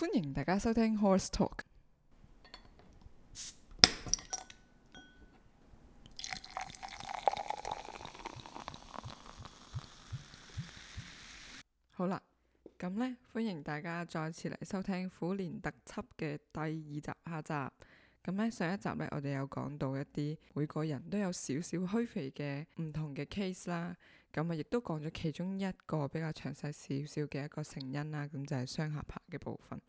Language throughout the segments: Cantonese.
歡迎大家收聽《Horse Talk》好。好啦，咁呢，歡迎大家再次嚟收聽《虎年特輯》嘅第二集下集。咁呢，上一集呢，我哋有講到一啲每個人都有少少虛肥嘅唔同嘅 case 啦。咁啊，亦都講咗其中一個比較詳細少少嘅一個成因啦，咁就係雙下巴嘅部分。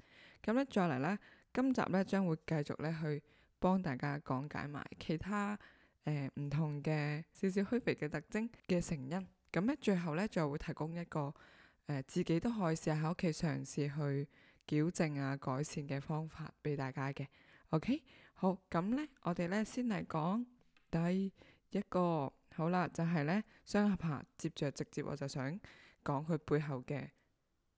咁咧，再嚟咧，今集咧將會繼續咧去幫大家講解埋其他誒唔同嘅少少虛肥嘅特徵嘅成因。咁咧，最後咧就會提供一個誒自己都可以試下喺屋企嘗試去矯正啊改善嘅方法俾大家嘅。OK，好，咁咧我哋咧先嚟講第一個。好啦，就係、是、咧，雙下巴，接著直接我就想講佢背後嘅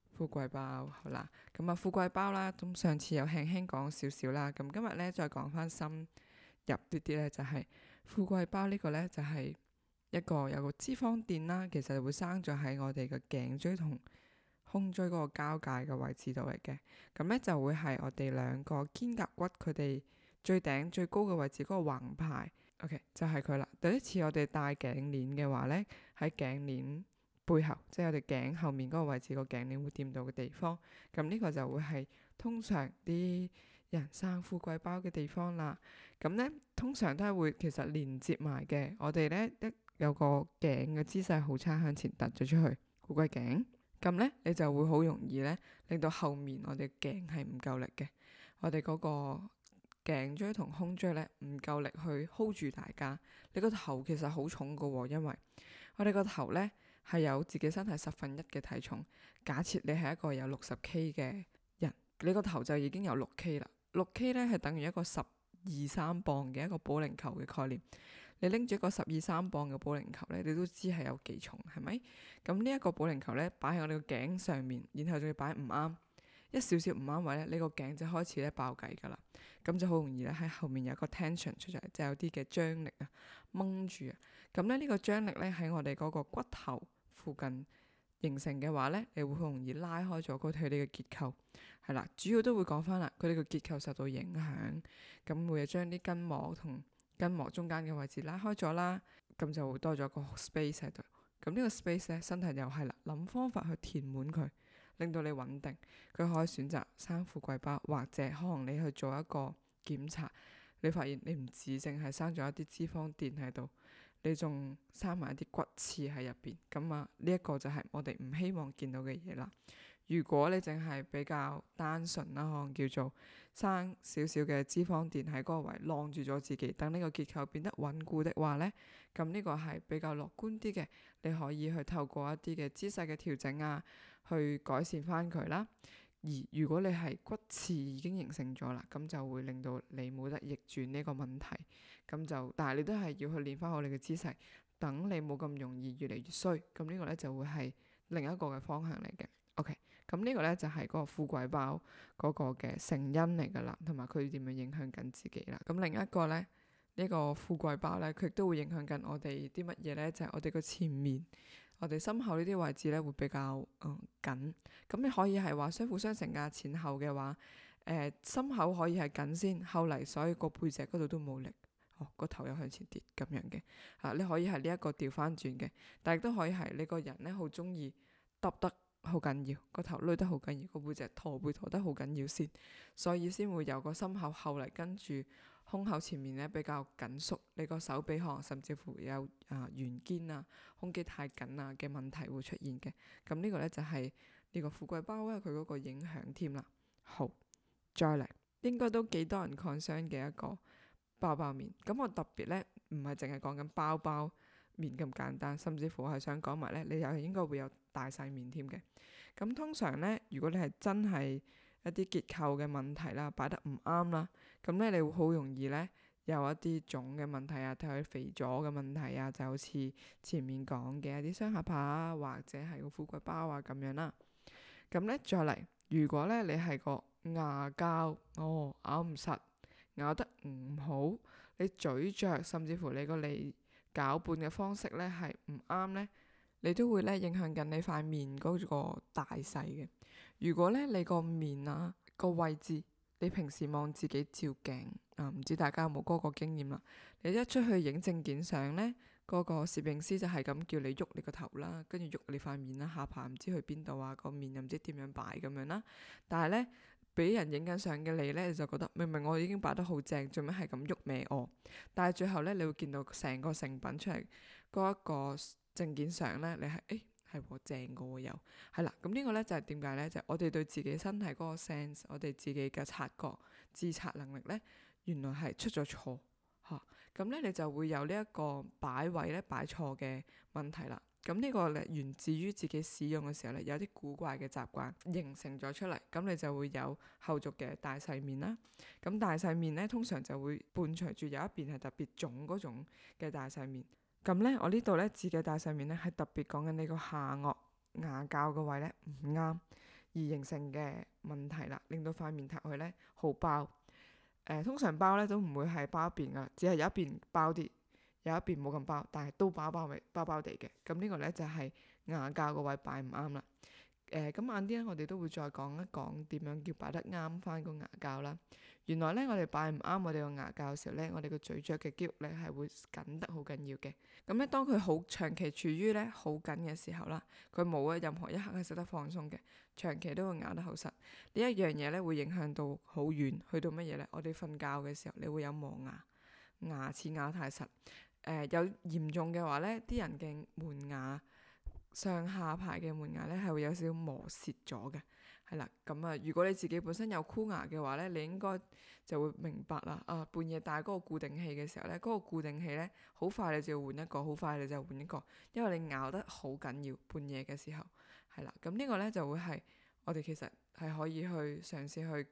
富貴包好啦。咁、嗯、啊，富貴包啦，咁、嗯、上次有輕輕講少少啦，咁、嗯、今日咧再講翻深入啲啲咧，就係富貴包呢個咧，就係一個有一個脂肪墊啦，其實會生咗喺我哋嘅頸椎同胸椎嗰個交界嘅位置度嚟嘅。咁、嗯、咧就會係我哋兩個肩胛骨佢哋最頂最高嘅位置嗰、那個橫排。O.K. 就係佢啦。第一次我哋戴頸鏈嘅話咧，喺頸鏈背後，即係我哋頸後面嗰個位置個頸鏈會掂到嘅地方。咁呢個就會係通常啲人生富貴包嘅地方啦。咁咧通常都係會其實連接埋嘅。我哋咧一有個頸嘅姿勢好差，向前突咗出去，古怪頸。咁咧你就會好容易咧令到後面我哋頸係唔夠力嘅。我哋嗰個。頸椎同胸椎咧唔夠力去 hold 住大家，你個頭其實好重噶，因為我哋個頭咧係有自己身體十分一嘅體重。假設你係一個有六十 k 嘅人，你個頭就已經有六 k 啦。六 k 咧係等於一個十二三磅嘅一個保齡球嘅概念。你拎住一個十二三磅嘅保齡球咧，你都知係有幾重，係咪？咁呢一個保齡球咧擺喺我哋個頸上面，然後仲要擺唔啱。一少少唔啱位咧，呢個頸就開始咧爆計噶啦，咁就好容易咧喺後面有一個 tension 出嚟，就有啲嘅張力啊，掹住啊，咁咧呢個張力咧喺我哋嗰個骨頭附近形成嘅話咧，你會好容易拉開咗嗰啲佢哋嘅結構，係啦，主要都會講翻啦，佢哋嘅結構受到影響，咁每日將啲筋膜同筋膜中間嘅位置拉開咗啦，咁就會多咗個 space 喺度，咁呢個 space 咧，身體又係啦，諗方法去填滿佢。令到你穩定，佢可以選擇生富貴包，或者可能你去做一個檢查，你發現你唔止淨係生咗一啲脂肪墊喺度，你仲生埋一啲骨刺喺入邊。咁啊，呢一個就係我哋唔希望見到嘅嘢啦。如果你淨係比較單純啦，可能叫做生少少嘅脂肪墊喺嗰個位，攔住咗自己，等呢個結構變得穩固的話呢，咁呢個係比較樂觀啲嘅。你可以去透過一啲嘅姿勢嘅調整啊。去改善翻佢啦，而如果你係骨刺已經形成咗啦，咁就會令到你冇得逆轉呢個問題，咁就但係你都係要去練翻好你嘅姿勢，等你冇咁容易越嚟越衰，咁呢個咧就會係另一個嘅方向嚟嘅。OK，咁呢個咧就係、是、嗰個富貴包嗰個嘅成因嚟噶啦，同埋佢點樣影響緊自己啦。咁另一個咧呢，呢個富貴包咧，佢都會影響緊我哋啲乜嘢咧？就係、是、我哋個前面。我哋心口呢啲位置咧會比較嗯緊，咁你可以係話相輔相成嘅前後嘅話，誒、呃、心口可以係緊先，後嚟所以個背脊嗰度都冇力，個、哦、頭又向前跌咁樣嘅。啊你可以係呢一個調翻轉嘅，但亦都可以係你個人咧好中意揼得好緊要，個頭累得好緊要，個背脊駝背駝得好緊要先，所以先會由個心口後嚟跟住。胸口前面咧比較緊縮，你個手臂可能甚至乎有啊圓、呃、肩啊、胸肌太緊啊嘅問題會出現嘅。咁呢個咧就係、是、呢個富貴包呢，因佢嗰個影響添啦。好，再嚟應該都幾多人 concern 嘅一個包包面。咁我特別咧唔係淨係講緊包包面咁簡單，甚至乎係想講埋咧，你又應該會有大細面添嘅。咁通常咧，如果你係真係一啲結構嘅問題啦，擺得唔啱啦，咁咧你會好容易咧有一啲腫嘅問題啊，同埋肥咗嘅問題啊，就好似前面講嘅一啲雙下巴或者係個富貴包啊咁樣啦。咁咧再嚟，如果咧你係個牙膠哦咬唔實，咬得唔好，你咀嚼甚至乎你個脷攪拌嘅方式咧係唔啱咧，你都會咧影響緊你塊面嗰個大細嘅。如果咧你個面啊個位置，你平時望自己照鏡啊，唔、嗯、唔知大家有冇嗰個經驗啦？你一出去影證件相咧，嗰個攝影師就係咁叫你喐你個頭啦，跟住喐你塊面啦，下巴唔知去邊度啊，個面又唔知點樣擺咁樣啦。但係咧，俾人影緊相嘅你咧，你就覺得明明我已經擺得好正，做咩係咁喐歪我？但係最後咧，你會見到成個成品出嚟嗰一個證件相咧，你係誒。欸係喎，我正嘅喎又係啦，咁呢個咧就係點解咧？就係、我哋對自己身體嗰個 sense，我哋自己嘅察覺、自察能力咧，原來係出咗錯嚇。咁、啊、咧你就會有呢一個擺位咧擺錯嘅問題啦。咁呢個咧源自於自己使用嘅時候咧有啲古怪嘅習慣形成咗出嚟，咁你就會有後續嘅大細面啦。咁大細面咧通常就會伴隨住有一邊係特別腫嗰種嘅大細面。咁咧，我呢度咧自己戴上面咧，係特別講緊呢個下顎牙教個位咧唔啱，而形成嘅問題啦，令到塊面塌去咧好包。誒、呃，通常包咧都唔會係包一邊噶，只係有一邊包啲，有一邊冇咁包，但係都包包埋包包地嘅。咁呢個咧就係、是、牙教個位擺唔啱啦。誒咁、呃、晚啲咧，我哋都會再講一講點樣叫擺得啱翻個牙較啦。原來咧，我哋擺唔啱我哋個牙較嘅時候咧，我哋個咀嚼嘅肌肉咧係會緊得好緊要嘅。咁咧、嗯，當佢好長期處於咧好緊嘅時候啦，佢冇啊任何一刻係識得放鬆嘅，長期都會咬得好實。呢一樣嘢咧會影響到好遠，去到乜嘢咧？我哋瞓覺嘅時候，你會有磨牙，牙齒咬太實。誒、呃，有嚴重嘅話咧，啲人嘅門牙。上下排嘅門牙咧係會有少少磨蝕咗嘅，係啦，咁啊，如果你自己本身有箍牙嘅話咧，你應該就會明白啦。啊、呃，半夜戴嗰個固定器嘅時候咧，嗰、嗰個固定器咧好快你就要換一個，好快你就換一個，因為你咬得好緊要，半夜嘅時候係啦，咁呢個咧就會係我哋其實係可以去嘗試去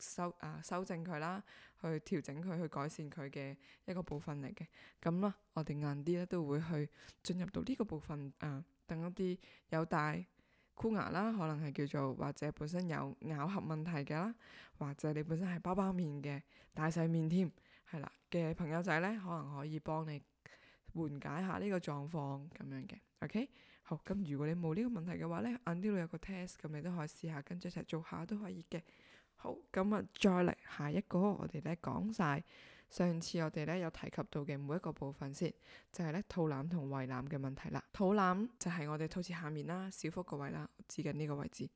修啊、呃、修正佢啦，去調整佢去改善佢嘅一個部分嚟嘅，咁啦，我哋晏啲咧都會去進入到呢個部分啊。呃等一啲有戴箍牙啦，可能係叫做或者本身有咬合問題嘅啦，或者你本身係包包面嘅大細面添，係啦嘅朋友仔咧，可能可以幫你緩解下呢個狀況咁樣嘅。OK，好，咁如果你冇呢個問題嘅話咧，晏啲 會有個 test，咁你都可以試下跟住一齊做一下都可以嘅。好，咁啊，再嚟下一個我呢，我哋咧講晒。上次我哋咧有提及到嘅每一個部分先，就係咧肚腩同胃腩嘅問題啦。肚腩就係我哋肚臍下面啦，小腹個位啦，指緊呢個位置。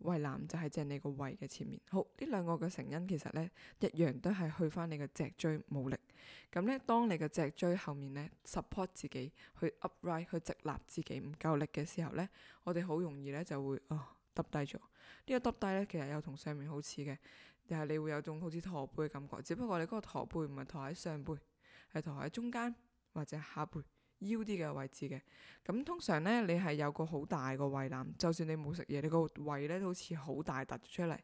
胃腩就係即係你個胃嘅前面。好，呢兩個嘅成因其實咧一樣都係去翻你個脊椎冇力。咁咧，當你個脊椎後面咧 support 自己去 upright 去直立自己唔夠力嘅時候咧，我哋好容易咧就會哦耷低咗。呢個耷低咧其實又同上面好似嘅。定係你會有種好似駝背嘅感覺，只不過你嗰個駝背唔係駝喺上背，係駝喺中間或者下背。腰啲嘅位置嘅，咁通常咧你係有個好大個胃腩，就算你冇食嘢，你個胃咧好似好大凸出嚟，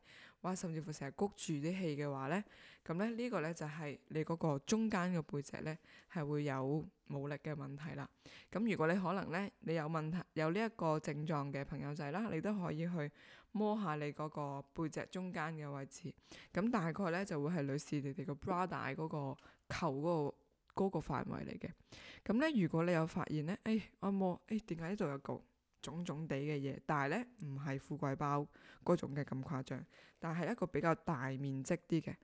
哇，甚至乎成日谷住啲氣嘅話咧，咁咧呢、呢個咧就係、係、你嗰個中間嘅背脊咧係會有冇力嘅問題啦。咁如果你可能咧你有問題有呢一個症狀嘅朋友仔啦，你都可以去摸下你嗰個背脊中間嘅位置，咁大概咧就會係類似你哋個 bra 帶嗰個球嗰、個。嗰個範圍嚟嘅，咁咧如果你有發現咧，哎，按摩，哎，點解呢度有個腫腫哋嘅嘢？但係咧唔係富貴包嗰種嘅咁誇張，但係一個比較大面積啲嘅，誒、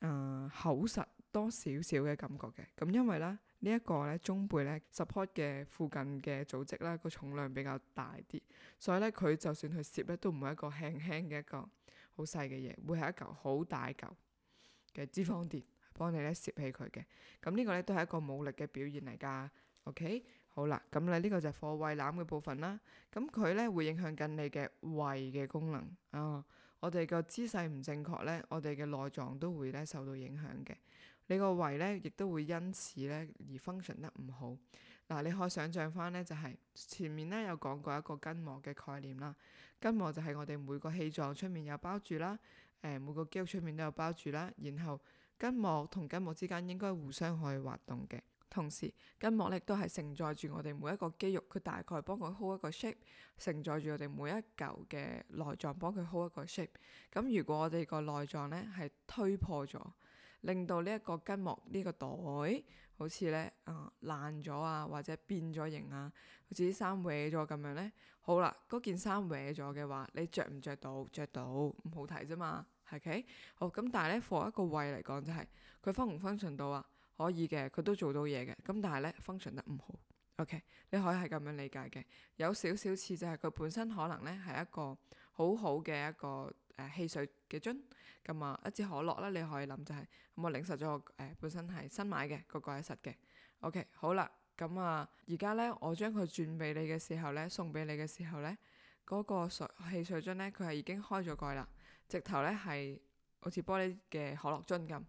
呃、厚實多少少嘅感覺嘅。咁因為咧呢一、呢個咧中背咧 support 嘅附近嘅組織啦，個重量比較大啲，所以咧佢就算佢攝咧都唔會係一個輕輕嘅一個好細嘅嘢，會係一嚿好大嚿嘅脂肪墊。幫你咧攝起佢嘅，咁呢個咧都係一個武力嘅表現嚟㗎。OK，好啦，咁你呢個就係貨胃腩嘅部分啦。咁佢咧會影響緊你嘅胃嘅功能啊、哦。我哋個姿勢唔正確咧，我哋嘅內臟都會咧受到影響嘅。你個胃咧亦都會因此咧而 function 得唔好。嗱、啊，你可以想象翻咧就係前面咧有講過一個筋膜嘅概念啦。筋膜就係我哋每個器臟出面有包住啦，誒、欸、每個肌肉出面都有包住啦，然後。筋膜同筋膜之間應該互相可以滑動嘅，同時筋膜力都係承載住我哋每一個肌肉，佢大概幫佢 hold 一個 s h a p 承載住我哋每一嚿嘅內臟幫佢 hold 一個 shape。咁如果我哋個內臟呢係推破咗，令到呢一個跟膜呢、這個袋好似呢、呃、爛啊，爛咗啊，或者變咗形啊，好似啲衫歪咗咁樣呢。好啦，嗰件衫歪咗嘅話，你着唔着到？着到唔好睇啫嘛。係 K、okay? 好，咁，但係呢，放一個胃嚟講就係，佢 function 唔 function 到啊，可以嘅，佢都做到嘢嘅，咁但係呢，function 得唔好，OK，你可以係咁樣理解嘅，有少少似就係佢本身可能呢係一個好好嘅一個誒、啊、汽水嘅樽，咁、嗯、啊一支可樂咧，你可以諗就係、是、咁、嗯、我擰實咗我誒本身係新買嘅個蓋實嘅，OK，好啦，咁啊而家呢，我將佢轉俾你嘅時候呢，送俾你嘅時候呢，嗰、那個水汽水樽呢，佢係已經開咗蓋啦。直頭呢係好似玻璃嘅可樂樽咁，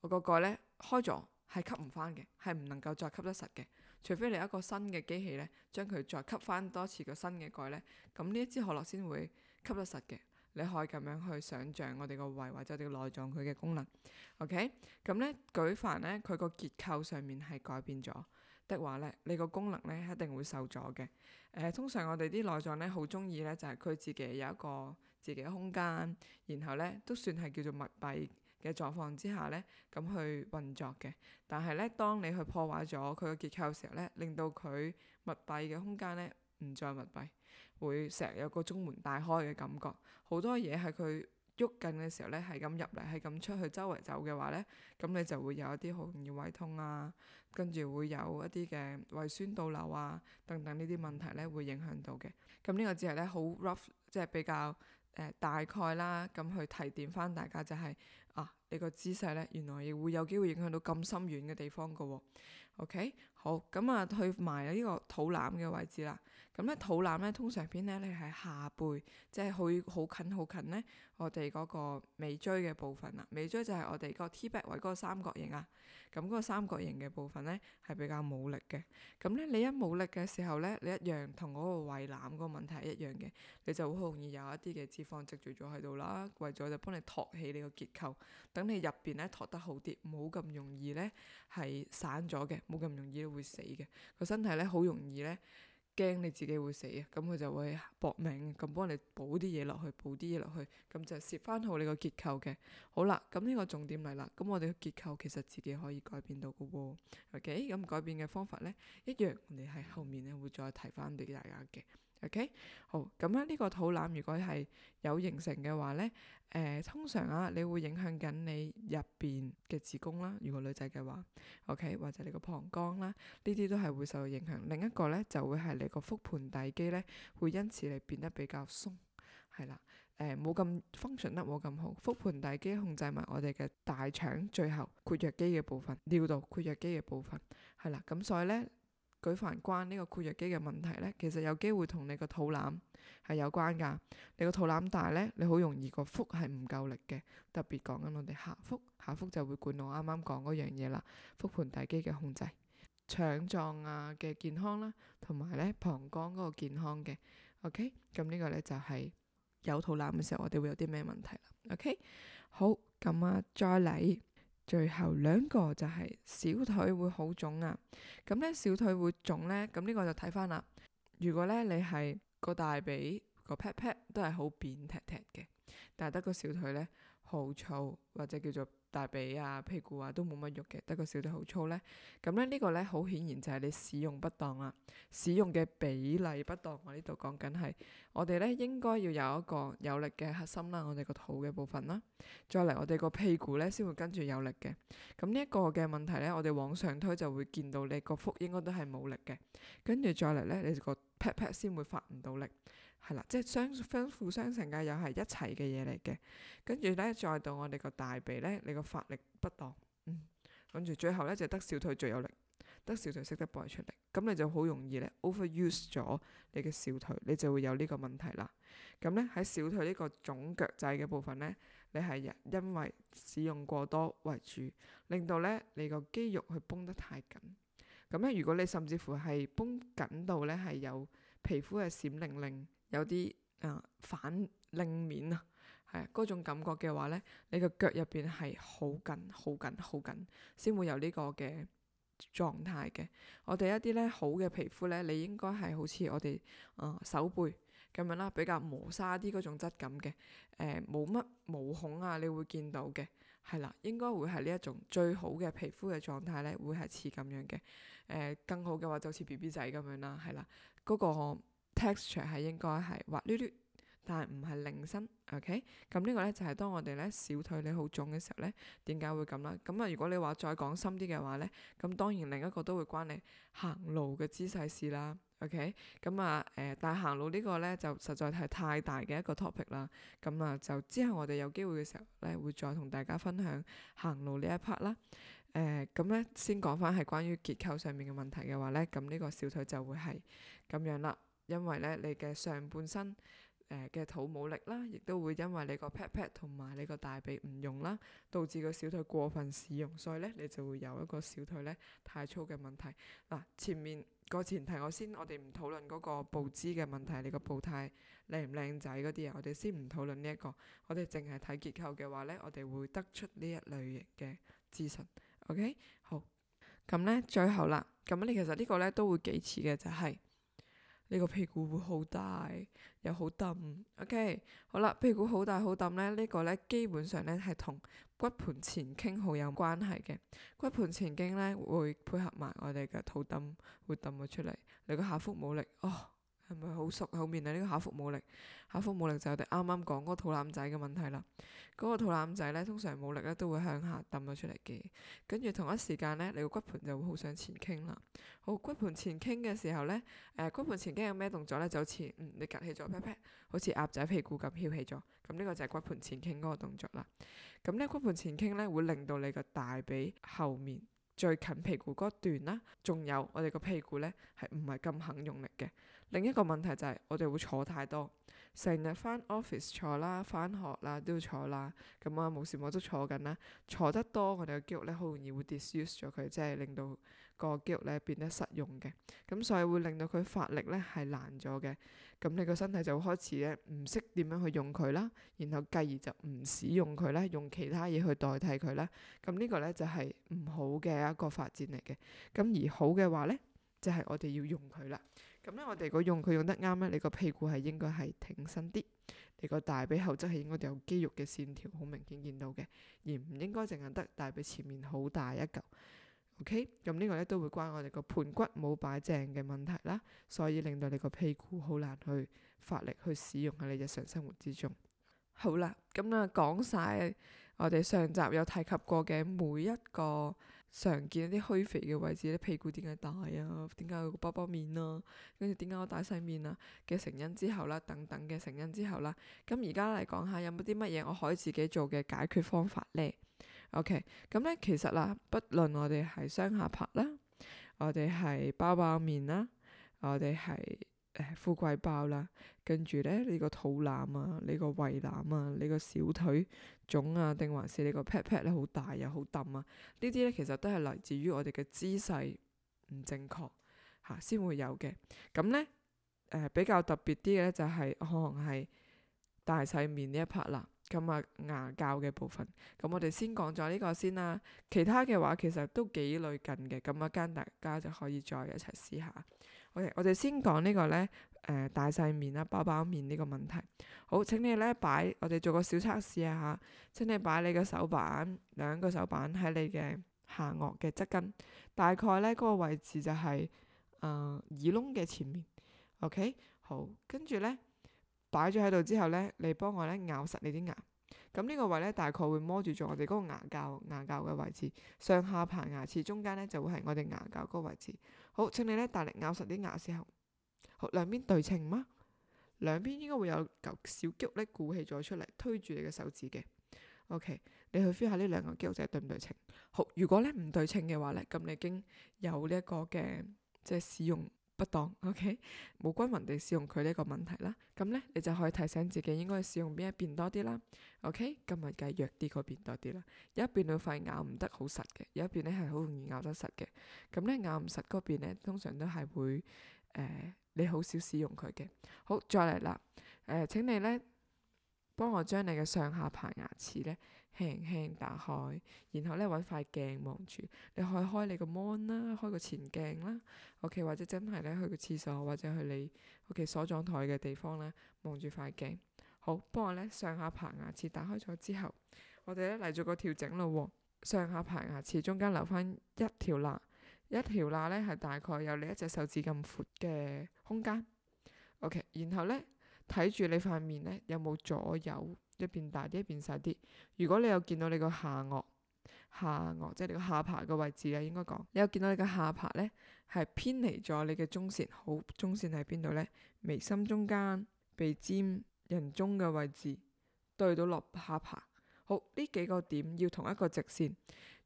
我個蓋呢開咗係吸唔翻嘅，係唔能夠再吸得實嘅。除非你有一個新嘅機器呢，將佢再吸翻多次個新嘅蓋呢。咁呢一支可樂先會吸得實嘅。你可以咁樣去想象我哋個胃或者我哋個內臟佢嘅功能。OK，咁、嗯、呢舉凡呢，佢個結構上面係改變咗的話呢，你個功能呢，一定會受阻嘅。誒、呃，通常我哋啲內臟呢，好中意呢，就係佢自己有一個。自己空間，然後呢都算係叫做密閉嘅狀況之下呢，咁去運作嘅。但係呢，當你去破壞咗佢嘅結構嘅時候呢，令到佢密閉嘅空間呢唔再密閉，會成日有個中門大開嘅感覺。好多嘢係佢喐緊嘅時候呢，係咁入嚟，係咁出去周圍走嘅話呢，咁你就會有一啲好容易胃痛啊，跟住會有一啲嘅胃酸倒流啊，等等呢啲問題呢，會影響到嘅。咁呢個只係呢好 rough，即係比較。誒、呃，大概啦，咁去提點翻大家就係、是，啊，你個姿勢呢，原來亦會有機會影響到咁深遠嘅地方噶喎、哦，OK，好，咁啊去埋呢個肚腩嘅位置啦。咁咧，肚腩咧通常邊咧？你係下背，即係好，好近，好近咧。我哋嗰個尾椎嘅部分啊，尾椎就係我哋個 T back 位嗰個三角形啊。咁嗰個三角形嘅部分咧，係比較冇力嘅。咁咧，你一冇力嘅時候咧，你一樣同嗰個胃腩個問題係一樣嘅，你就好容易有一啲嘅脂肪積聚咗喺度啦。為咗就幫你托起你個結構，等你入邊咧托得好啲，唔好咁容易咧係散咗嘅，冇咁容易會死嘅個身體咧，好容易咧。驚你自己會死啊！咁佢就會搏命咁幫你補啲嘢落去，補啲嘢落去，咁就攝翻好你個結構嘅。好啦，咁呢個重點嚟啦。咁我哋嘅結構其實自己可以改變到㗎喎。OK，咁改變嘅方法咧，一樣，我哋喺後面咧會再提翻俾大家嘅。OK，好，咁咧呢個肚腩如果係有形成嘅話咧，誒、呃，通常啊你會影響緊你入邊嘅子宮啦，如果女仔嘅話，OK，或者你個膀胱啦，呢啲都係會受到影響。另一個咧就會係你個腹盆底肌咧會因此你變得比較鬆，係啦，誒、呃，冇咁 function 得冇咁好。腹盆底肌控制埋我哋嘅大腸最後括約肌嘅部分、尿道括約肌嘅部分，係啦，咁所以咧。舉凡關呢個括約肌嘅問題咧，其實有機會同你個肚腩係有關噶。你個肚腩大咧，你好容易個腹係唔夠力嘅。特別講緊我哋下腹，下腹就會管我啱啱講嗰樣嘢啦，腹盆底肌嘅控制、腸臟啊嘅健康啦，同埋咧膀胱嗰個健康嘅。OK，咁呢個咧就係有肚腩嘅時候，我哋會有啲咩問題啦？OK，好，咁啊，再嚟。最後兩個就係小腿會好腫啊，咁咧小腿會腫咧，咁呢個就睇返啦。如果咧你係個大髀個 pat pat 都係好扁踢踢嘅，但係得個小腿咧好粗或者叫做。大髀啊、屁股啊都冇乜肉嘅，得個小腿好粗咧。咁咧呢、呢個咧好顯然就係你使用不當啦，使用嘅比例不當。我呢度講緊係，我哋咧應該要有一個有力嘅核心啦，我哋個肚嘅部分啦，再嚟我哋個屁股咧先會跟住有力嘅。咁呢一個嘅問題咧，我哋往上推就會見到你個腹應該都係冇力嘅，跟住再嚟咧你個 pat pat 先會發唔到力。係啦，即係相相輔相成嘅，又係一齊嘅嘢嚟嘅。跟住咧，再到我哋個大髀咧，你個發力不當，嗯，跟住最後咧就得小腿最有力，得小腿識得擺出力，咁你就好容易咧 overuse 咗你嘅小腿，你就會有呢個問題啦。咁咧喺小腿呢個總腳仔嘅部分咧，你係因為使用過多為主，令到咧你個肌肉去繃得太緊。咁咧，如果你甚至乎係繃緊到咧係有皮膚係閃靈靈。有啲啊、呃、反擰面啊，係啊嗰種感覺嘅話呢，你個腳入邊係好緊好緊好緊，先會有呢個嘅狀態嘅。我哋一啲呢好嘅皮膚呢，你應該係好似我哋啊、呃、手背咁樣啦，比較磨砂啲嗰種質感嘅，誒冇乜毛孔啊，你會見到嘅，係啦，應該會係呢一種最好嘅皮膚嘅狀態呢，會係似咁樣嘅。誒、呃、更好嘅話就似 BB 仔咁樣啦，係啦嗰個。texture 係應該係滑溜溜，但係唔係零身。O K，咁呢個咧就係、是、當我哋咧小腿你好腫嘅時候咧，點解會咁啦？咁啊，如果你說再說話再講深啲嘅話咧，咁當然另一個都會關你行路嘅姿勢事啦。O K，咁啊誒、呃，但係行路個呢個咧就實在係太大嘅一個 topic 啦。咁啊，就之後我哋有機會嘅時候咧，會再同大家分享行路呢一 part 啦。誒咁咧，先講翻係關於結構上面嘅問題嘅話咧，咁呢個小腿就會係咁樣啦。因為咧，你嘅上半身誒嘅肚冇力啦，亦都會因為你個 pat pat 同埋你個大髀唔用啦，導致個小腿過分使用，所以咧你就會有一個小腿咧太粗嘅問題。嗱、啊，前面個前提我先，我哋唔討論嗰個步姿嘅問題，你個步態靚唔靚仔嗰啲啊，我哋先唔討論呢一個，我哋淨係睇結構嘅話咧，我哋會得出呢一類型嘅資訊。OK，好，咁咧最後啦，咁你其實個呢個咧都會幾似嘅就係、是。呢個屁股會好大又好揼，OK，好啦，屁股好大好揼咧，這個、呢個咧基本上咧係同骨盤前傾好有關係嘅，骨盤前傾咧會配合埋我哋嘅肚揼會揼咗出嚟，你個下腹冇力，哦。係咪好熟？後面係呢個下腹冇力，下腹冇力就係我哋啱啱講嗰個肚腩仔嘅問題啦。嗰、嗰個肚腩仔呢，通常冇力呢都會向下揼咗出嚟嘅。跟住同一時間呢，你個骨盤就會好向前傾啦。好，骨盤前傾嘅時候呢，誒、呃、骨盤前傾有咩動作呢？就好似嗯你趷起咗啪啪，好、呃、似鴨仔屁股咁翹起咗。咁呢個就係骨盤前傾嗰個動作啦。咁呢骨盤前傾呢，會令到你個大髀後面。最近屁股嗰段啦，仲有我哋個屁股呢，係唔係咁肯用力嘅？另一個問題就係我哋會坐太多，成日翻 office 坐啦，翻學啦都要坐啦，咁啊無時無刻坐緊啦，坐得多我哋個肌肉呢，好容易會 disuse 咗佢，即係令到個肌肉咧變得失用嘅，咁所以會令到佢發力咧係難咗嘅，咁你個身體就會開始咧唔識點樣去用佢啦，然後繼而就唔使用佢啦，用其他嘢去代替佢啦，咁呢個咧就係唔好嘅一個發展嚟嘅，咁而好嘅話咧，就係我哋要用佢啦，咁咧我哋如果用佢用得啱咧，你個屁股係應該係挺身啲，你個大髀後側係應該有肌肉嘅線條好明顯見到嘅，而唔應該淨係得大髀前面好大一嚿。OK，咁、嗯這個、呢個咧都會關我哋個盤骨冇擺正嘅問題啦，所以令到你個屁股好難去發力去使用喺你日常生活之中。好啦，咁啊講晒我哋上集有提及過嘅每一個常見一啲虛肥嘅位置咧，屁股點解大啊？點解有個波波面啊？跟住點解我大細面啊嘅成，成因之後啦，等等嘅成因之後啦，咁而家嚟講下有冇啲乜嘢我可以自己做嘅解決方法咧？O.K. 咁、嗯、咧，其實啦，不論我哋係雙下巴啦，我哋係包包面啦，我哋係誒富貴包啦，跟住咧，你個肚腩啊，你個胃腩啊，你個小腿腫啊，定還是你個 pat pat 咧好大又好揼啊？啊呢啲咧其實都係嚟自於我哋嘅姿勢唔正確嚇，先、啊、會有嘅。咁咧誒比較特別啲嘅咧，就係可能係大細面呢一 part 啦。咁啊、嗯、牙膠嘅部分，咁、嗯、我哋先講咗呢個先啦，其他嘅話其實都幾類近嘅，咁一間大家就可以再一齊試一下。o、okay, 我哋先講個呢個咧，誒、呃、大細面啦、包包面呢個問題。好，請你咧擺，我哋做個小測試啊吓，請你擺你嘅手板，兩個手板喺你嘅下顎嘅側根，大概咧嗰、那個位置就係、是、誒、呃、耳窿嘅前面。O.K. 好，跟住咧。擺咗喺度之後呢，你幫我呢，咬實你啲牙，咁呢個位呢，大概會摸住咗我哋嗰個牙臼、牙臼嘅位置，上下排牙齒中間呢，就會係我哋牙臼嗰個位置。好，請你呢大力咬實啲牙之後，好，兩邊對稱嗎？兩邊應該會有嚿小肌肉骨呢鼓起咗出嚟，推住你嘅手指嘅。OK，你去 feel 下呢兩個肌肉仔對唔對稱？好，如果呢唔對稱嘅話呢，咁你已經有呢一個嘅即係使用不當，OK，冇均勻地使用佢呢個問題啦。咁咧，你就可以提醒自己應該使用邊一邊多啲啦。OK，今日梗係弱啲嗰邊多啲啦。有一邊會費咬唔得好實嘅，有一邊咧係好容易咬得實嘅。咁咧咬唔實嗰邊咧，通常都係會誒、呃、你好少使用佢嘅。好，再嚟啦，誒、呃、請你咧幫我將你嘅上下排牙齒咧。輕輕打開，然後咧揾塊鏡望住，你可以開你個 mon 啦，開個前鏡啦，OK，或者真係咧去個廁所，或者去你屋企梳妝台嘅地方咧望住塊鏡。好，幫我咧上下排牙齒打開咗之後，我哋咧嚟做個調整嘞喎。上下排牙齒中間留翻一條罅，一條罅咧係大概有你一隻手指咁闊嘅空間。OK，然後咧睇住你塊面咧有冇左右。一邊大啲，一邊細啲。如果你有見到你個下顎下顎，即係你個下巴嘅位置咧，應該講你有見到你個下巴呢，係偏離咗你嘅中線。好，中線喺邊度呢？眉心中間、鼻尖、人中嘅位置對到落下巴。好，呢幾個點要同一個直線。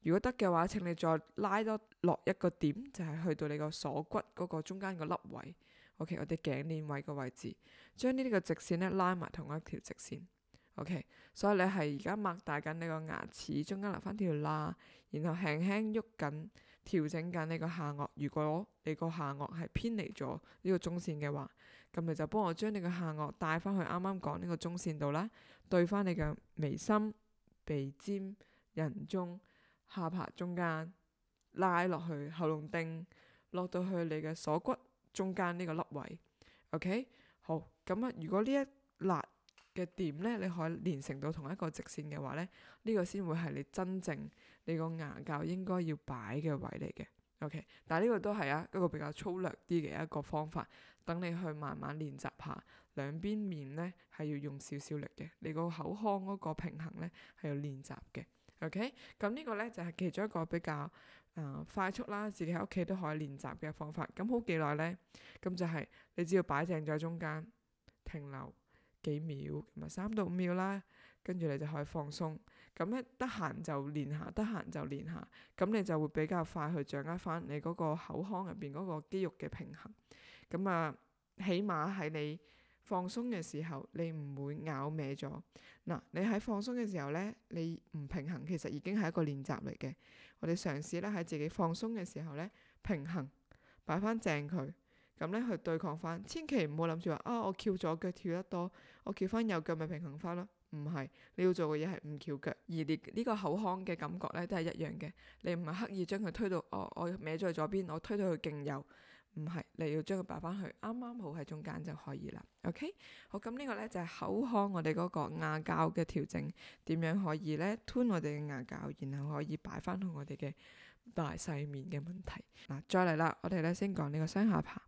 如果得嘅話，請你再拉多落一個點，就係去到你個鎖骨嗰個中間個凹位。OK，我哋頸鏈位嘅位置，將呢啲嘅直線呢，拉埋同一條直線。O.K.，所以你係而家擘大緊你個牙齒，中間留翻條罅，然後輕輕喐緊，調整緊你個下顎。如果你個下顎係偏離咗呢個中線嘅話，咁你就幫我將你個下顎帶翻去啱啱講呢個中線度啦，對翻你嘅眉心、鼻尖、人中、下巴、中間拉落去喉嚨定，落到去你嘅鎖骨中間呢個凹位。O.K.，好，咁啊，如果呢一粒嘅點咧，你可以連成到同一個直線嘅話咧，呢、呢個先會係你真正你個牙教應該要擺嘅位嚟嘅。OK，但係呢個都係啊一個比較粗略啲嘅一個方法，等你去慢慢練習下兩邊面咧係要用少少力嘅，你個口腔嗰個平衡咧係要練習嘅。OK，咁呢個咧就係其中一個比較啊、呃、快速啦，自己喺屋企都可以練習嘅方法。咁好幾耐咧，咁就係你只要擺正咗喺中間停留，幾秒，咪三到五秒啦，跟住你就可以放鬆。咁咧，得閒就練下，得閒就練下，咁你就會比較快去掌握翻你嗰個口腔入邊嗰個肌肉嘅平衡。咁啊，起碼喺你放鬆嘅時候，你唔會咬歪咗。嗱，你喺放鬆嘅時候呢，你唔平衡，其實已經係一個練習嚟嘅。我哋嘗試呢，喺自己放鬆嘅時候呢，平衡擺翻正佢。咁咧去對抗翻，千祈唔好諗住話啊，我翹左腳翹得多，我翹翻右腳咪平衡翻咯。唔係，你要做嘅嘢係唔翹腳，而你呢個口腔嘅感覺咧都係一樣嘅。你唔係刻意將佢推到哦，我歪咗去左邊，我推到去勁右，唔係，你要將佢擺翻去啱啱好喺中間就可以啦。OK，好，咁呢個咧就係口腔我哋嗰個牙教嘅調整，點樣可以咧吞我哋嘅牙教，然後可以擺翻到我哋嘅大細面嘅問題嗱。再嚟啦，我哋咧先講呢個雙下巴。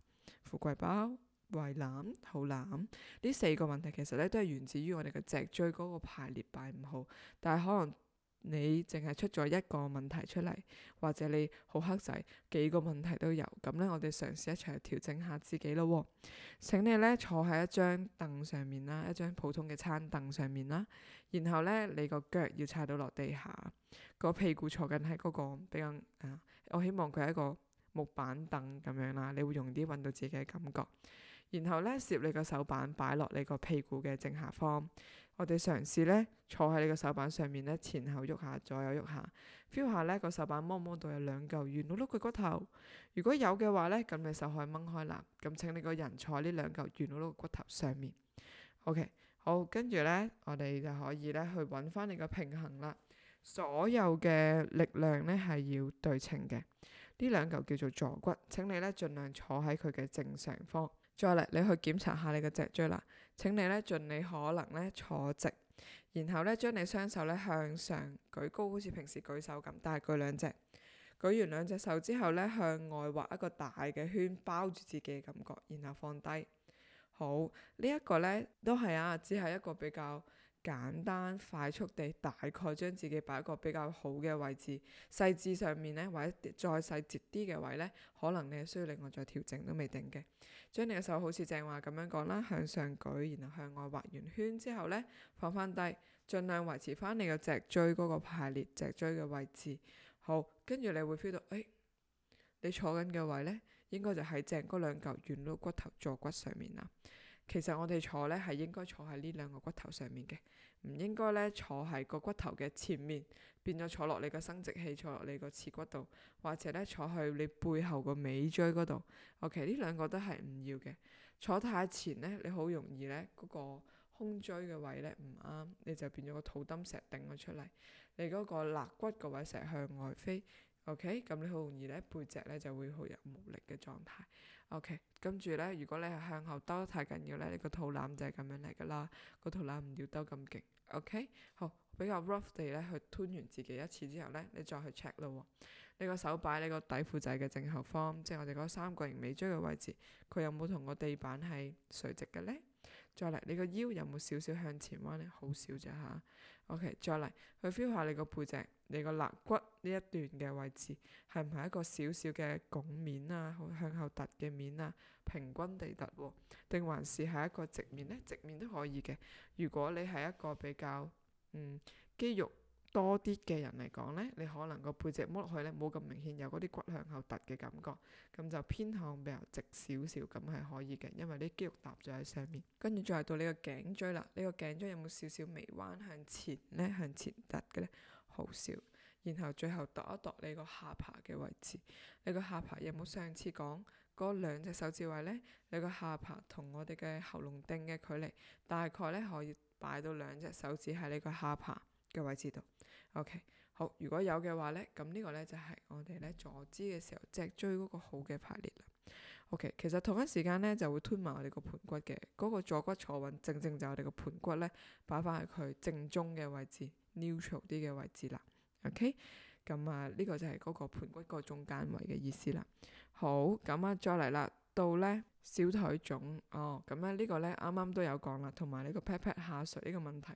富貴包、胃腩、肚腩，呢四個問題其實咧都係源自於我哋嘅脊椎嗰個排列擺唔好，但係可能你淨係出咗一個問題出嚟，或者你好黑仔，幾個問題都有，咁咧我哋嘗試一齊去調整下自己咯。請你咧坐喺一張凳，上面啦，一張普通嘅餐凳上面啦，然後咧你個腳要踩到落地下，個屁股坐緊喺嗰個比較誒、啊，我希望佢係一個。木板凳咁樣啦，你會容易啲揾到自己嘅感覺，然後呢，攝你個手板擺落你個屁股嘅正下方。我哋嘗試呢，坐喺你個手板上面呢，前後喐下，左右喐下，feel 下呢個手板摸唔摸到有兩嚿圓碌碌嘅骨頭？如果有嘅話呢，咁你手可以掹開啦。咁請你個人坐呢兩嚿圓碌碌嘅骨頭上面。OK，好，跟住呢，我哋就可以呢去揾翻你個平衡啦。所有嘅力量呢係要對稱嘅。呢兩嚿叫做坐骨，請你呢盡量坐喺佢嘅正上方。再嚟，你去檢查下你嘅脊椎啦，請你呢盡你可能呢坐直，然後呢將你雙手呢向上舉高，好似平時舉手咁，但係舉兩隻。舉完兩隻手之後呢向外畫一個大嘅圈，包住自己嘅感覺，然後放低。好，呢一個呢都係啊，只係一個比較簡單快速地大概將自己擺一個比較好嘅位置，細節上面呢，或者再細節啲嘅位呢，可能你係需要另外再調整都未定嘅。將你嘅手好似正話咁樣講啦，向上舉，然後向外畫圓圈之後呢，放翻低，儘量維持翻你個脊椎嗰個排列，脊椎嘅位置。好，跟住你會 feel 到，誒、哎，你坐緊嘅位呢，應該就喺正嗰兩嚿圓碌骨頭坐骨上面啦。其實我哋坐呢係應該坐喺呢兩個骨頭上面嘅，唔應該呢坐喺個骨頭嘅前面，變咗坐落你個生殖器，坐落你個恥骨度，或者呢坐去你背後個尾椎嗰度。OK，呢兩個都係唔要嘅，坐太前呢，你好容易呢嗰、嗰個胸椎嘅位呢唔啱，你就變咗個肚燈石頂咗出嚟，你嗰個肋骨嗰位成日向外飛。OK，咁你好容易咧，背脊咧就會好有無力嘅狀態。OK，跟住咧，如果你係向後兜得太緊要咧，你個肚腩就係咁樣嚟噶啦，個肚腩唔要兜咁勁。OK，好，比較 rough 地咧去吞完自己一次之後咧，你再去 check 囉喎。你個手擺你個底褲仔嘅正後方，即係我哋嗰三角形尾椎嘅位置，佢有冇同個地板係垂直嘅咧？再嚟，你個腰有冇少少向前彎咧？好少啫嚇。O.K. 再嚟，去 feel 下你個背脊，你個肋骨呢一段嘅位置，係唔係一個小小嘅拱面啊？向後凸嘅面啊，平均地凸喎，哦，定還是係一個直面呢？直面都可以嘅。如果你係一個比較，嗯，肌肉多啲嘅人嚟講呢，你可能個背脊摸落去呢，冇咁明顯有嗰啲骨向後凸嘅感覺，咁就偏向比較直少少，咁係可以嘅。因為啲肌肉搭咗喺上面，跟住再嚟到你個頸椎啦，你個頸椎有冇少少微彎向前呢，向前凸嘅呢，好少。然後最後度一度你個下巴嘅位置，你個下巴有冇上次講嗰兩隻手指位呢？你個下巴同我哋嘅喉嚨釘嘅距離大概呢可以擺到兩隻手指喺你個下巴嘅位置度，OK，好，如果有嘅話咧，咁呢個咧就係我哋咧坐姿嘅時候脊椎嗰個好嘅排列啦。OK，其實同一時間咧就會吞埋我哋個盆骨嘅，嗰、那個左骨坐穩，正正就係我哋、okay? 個，個盆骨咧擺翻喺佢正中嘅位置，neutral 啲嘅位置啦。OK，咁啊呢個就係嗰個盆骨個中間位嘅意思啦。好，咁啊再嚟啦，到咧。小腿腫哦，咁咧呢個咧啱啱都有講啦，同埋呢個 pat pat 下垂呢個問題，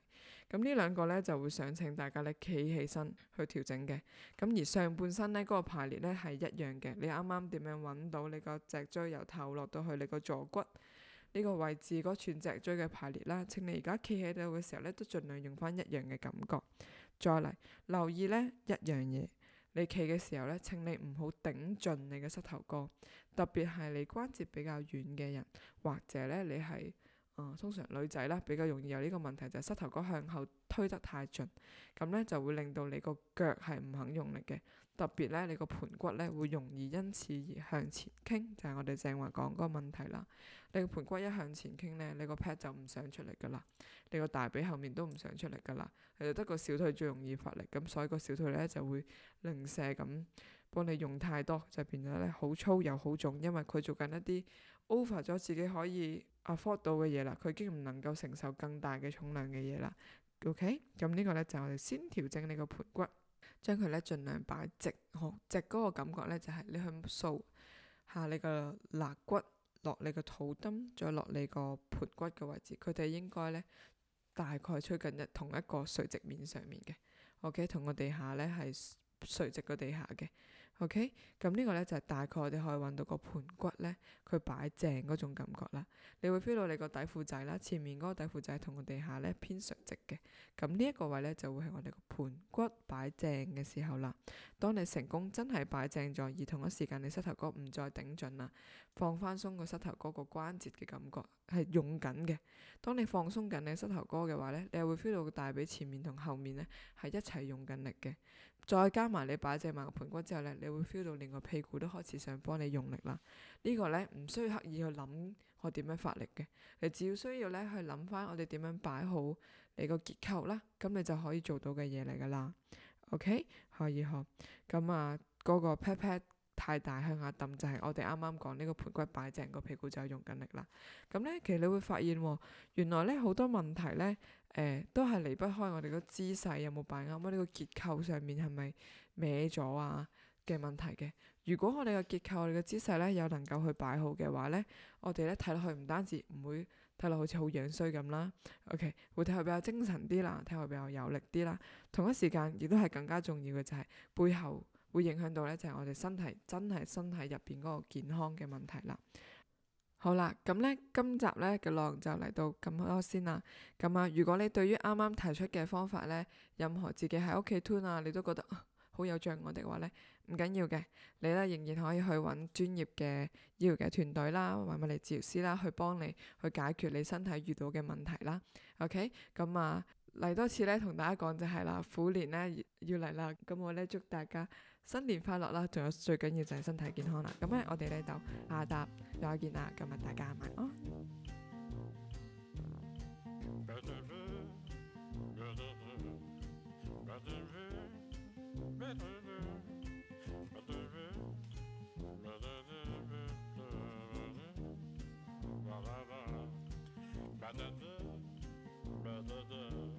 咁呢兩個咧就會想請大家咧企起身去調整嘅，咁而上半身呢個排列咧係一樣嘅，你啱啱點樣揾到你個脊椎由頭落到去你個坐骨呢個位置嗰串脊椎嘅排列啦，請你而家企喺度嘅時候咧都盡量用翻一樣嘅感覺，再嚟留意呢一樣嘢。你企嘅時候呢，請你唔好頂盡你嘅膝頭哥，特別係你關節比較軟嘅人，或者呢，你、呃、係通常女仔啦，比較容易有呢個問題，就係、是、膝頭哥向後推得太盡，咁呢，就會令到你個腳係唔肯用力嘅。特別咧，你個盆骨咧會容易因此而向前傾，就係我哋正話講嗰個問題啦。你個盆骨一向前傾咧，你個 pat 就唔想出嚟噶啦，你個大髀後面都唔想出嚟噶啦，其實得個小腿最容易發力，咁所以個小腿咧就會零舍咁幫你用太多，就變咗咧好粗又好重，因為佢做緊一啲 over 咗自己可以 afford 到嘅嘢啦，佢已經唔能夠承受更大嘅重量嘅嘢啦。OK，咁呢個咧就我哋先調整你個盆骨。將佢呢盡量擺直，好直嗰個感覺呢就係你去掃下你個肋骨落你個肚墩，再落你個盆骨嘅位置，佢哋應該呢大概吹近喺同一個垂直面上面嘅，OK 同個地下呢係垂直個地下嘅。OK，咁呢個呢就係大概我哋可以揾到個盤骨呢，佢擺正嗰種感覺啦。你會 feel 到你個底褲仔啦，前面嗰個底褲仔同個地下呢偏垂直嘅。咁呢一個位呢就會係我哋個盤骨擺正嘅時候啦。當你成功真係擺正咗，而同一時間你膝頭哥唔再頂盡啦，放翻鬆個膝頭哥個關節嘅感覺係用緊嘅。當你放鬆緊你膝頭哥嘅話呢，你又會 feel 到個大髀前面同後面呢係一齊用緊力嘅。再加埋你擺正埋個盤骨之後咧，你會 feel 到連個屁股都開始想幫你用力啦。這個、呢個咧唔需要刻意去諗我點樣發力嘅，你只要需要咧去諗翻我哋點樣擺好你個結構啦，咁你就可以做到嘅嘢嚟㗎啦。OK，可以呵。咁、嗯、啊，嗰、那個 pat pat。太大向下揼就係、是、我哋啱啱講呢個盤骨擺正、那個屁股就用緊力啦。咁咧其實你會發現喎、哦，原來咧好多問題咧誒、呃、都係離不開我哋個姿勢有冇擺啱啊？呢個結構上面係咪歪咗啊嘅問題嘅？如果我哋個結構我哋個姿勢咧有能夠去擺好嘅話咧，我哋咧睇落去唔單止唔會睇落好似好樣衰咁啦。OK、啊、會睇落比較精神啲啦，睇落比較有力啲啦。同一時間亦都係更加重要嘅就係背後。會影響到咧，就係我哋身體真係身體入邊嗰個健康嘅問題啦。好啦，咁咧今集咧嘅浪就嚟到咁多先啦。咁、嗯、啊，如果你對於啱啱提出嘅方法咧，任何自己喺屋企吞啊，你都覺得好有障礙嘅話咧，唔緊要嘅，你咧仍然可以去搵專業嘅醫療嘅團隊啦，或者物理治療師啦，去幫你去解決你身體遇到嘅問題啦。OK，咁、嗯、啊。嗯嚟多次咧，同大家講就係啦，虎年咧要嚟啦，咁我咧祝大家新年快樂啦，仲有最緊要就係身體健康啦。咁咧，我哋咧就下集再見啦，今日大家晚安。